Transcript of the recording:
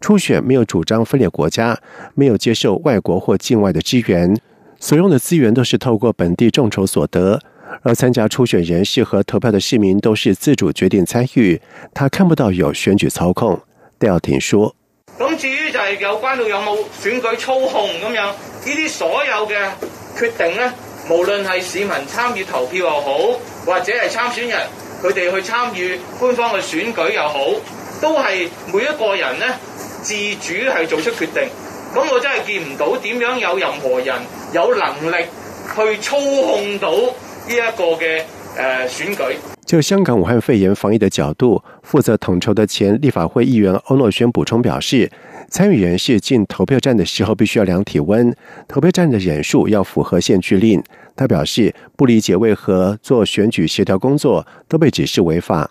初選沒有主張分裂國家，沒有接受外國或境外的支援，所用的資源都是透過本地眾籌所得，而參加初選人士和投票的市民都是自主決定參與。他看不到有選舉操控，戴耀廷說：“咁至於就係有關到有冇選舉操控咁樣，呢啲所有嘅決定咧，無論係市民參與投票又好，或者係參選人佢哋去參與官方嘅選舉又好，都係每一個人咧。”自主係做出決定，咁我真係見唔到點樣有任何人有能力去操控到呢一個嘅選舉。就香港武漢肺炎防疫的角度，負責統籌的前立法會議員區諾軒補充表示，參與人士進投票站的時候必須要量體溫，投票站的人數要符合限聚令。他表示不理解為何做選舉協調工作都被指示違法。